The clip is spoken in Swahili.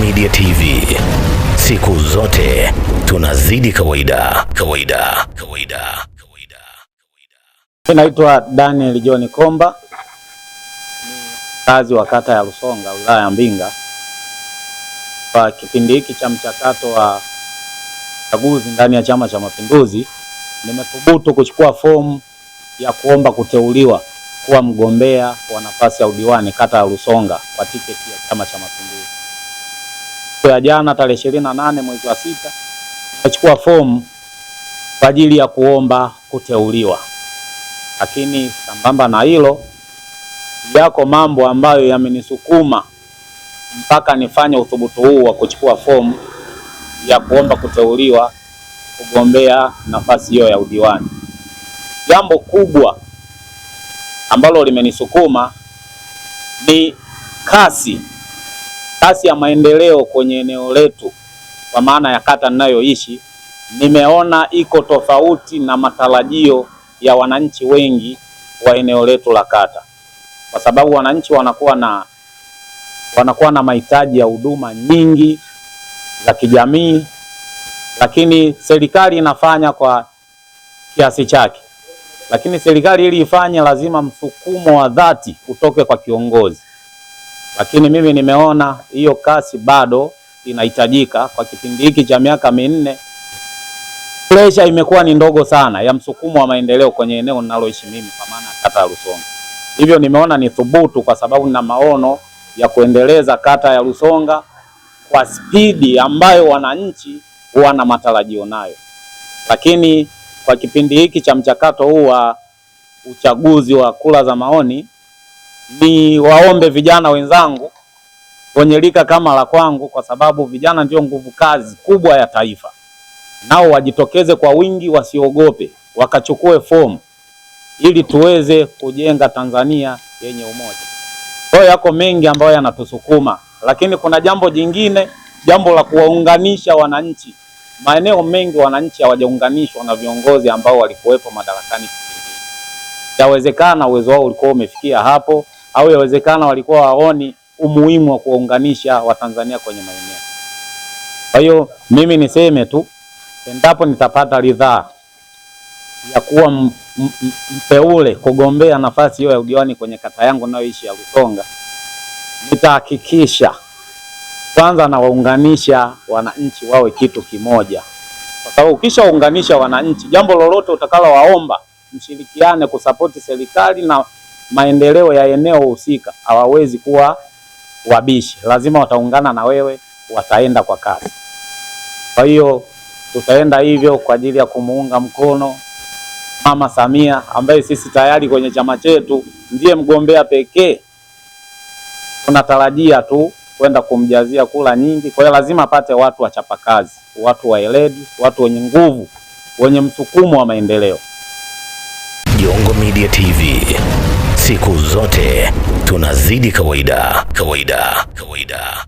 Media TV, siku zote tunazidi kawaida kawaida kawaida kawaida. Naitwa Daniel John Komba, mkazi wa kata ya rusonga wilaya ya Mbinga. Kwa kipindi hiki cha mchakato wa chaguzi ndani ya Chama cha Mapinduzi, nimethubutu kuchukua fomu ya kuomba kuteuliwa kuwa mgombea wa nafasi ya udiwani kata ya rusonga kwa tiketi ya Chama cha Mapinduzi siku ya jana tarehe ishirini na nane mwezi wa sita nimechukua fomu kwa ajili ya kuomba kuteuliwa, lakini sambamba na hilo yako mambo ambayo yamenisukuma mpaka nifanye uthubutu huu wa kuchukua fomu ya kuomba kuteuliwa kugombea nafasi hiyo ya udiwani. Jambo kubwa ambalo limenisukuma ni kasi kasi ya maendeleo kwenye eneo letu kwa maana ya kata ninayoishi, nimeona iko tofauti na matarajio ya wananchi wengi wa eneo letu la kata, kwa sababu wananchi wanakuwa na wanakuwa na mahitaji ya huduma nyingi za kijamii, lakini serikali inafanya kwa kiasi chake, lakini serikali ili ifanye lazima msukumo wa dhati utoke kwa kiongozi lakini mimi nimeona hiyo kasi bado inahitajika. Kwa kipindi hiki cha miaka minne, presha imekuwa ni ndogo sana ya msukumo wa maendeleo kwenye eneo ninaloishi mimi, kwa maana kata ya Lusonga. Hivyo nimeona ni thubutu, kwa sababu nina maono ya kuendeleza kata ya Lusonga kwa spidi ambayo wananchi wana matarajio nayo, lakini kwa kipindi hiki cha mchakato huu wa uchaguzi wa kura za maoni ni waombe vijana wenzangu kwenye rika kama la kwangu, kwa sababu vijana ndio nguvu kazi kubwa ya taifa. Nao wajitokeze kwa wingi, wasiogope, wakachukue fomu ili tuweze kujenga Tanzania yenye umoja. Kwa hiyo yako mengi ambayo yanatusukuma, lakini kuna jambo jingine, jambo la kuwaunganisha wananchi. Maeneo mengi wananchi hawajaunganishwa na viongozi ambao walikuwepo madarakani. Yawezekana uwezo wao ulikuwa umefikia hapo, au yawezekana walikuwa waoni umuhimu wa kuwaunganisha Watanzania kwenye maeneo. Kwa hiyo mimi niseme tu, endapo nitapata ridhaa ya kuwa mteule kugombea nafasi hiyo ya udiwani kwenye kata yangu nayoishi ya Rutonga, nitahakikisha kwanza nawaunganisha wananchi wawe kitu kimoja, kwa sababu ukishaunganisha wananchi, jambo lolote utakalowaomba mshirikiane kusapoti serikali na maendeleo ya eneo husika hawawezi kuwa wabishi, lazima wataungana na wewe, wataenda kwa kasi. Kwa hiyo tutaenda hivyo kwa ajili ya kumuunga mkono Mama Samia ambaye sisi tayari kwenye chama chetu ndiye mgombea pekee. Tunatarajia tu kwenda kumjazia kula nyingi, kwa hiyo lazima apate watu wachapakazi, watu waeledi, watu wenye nguvu, wenye msukumo wa maendeleo. Jongo Media TV. Siku zote tunazidi kawaida, kawaida, kawaida.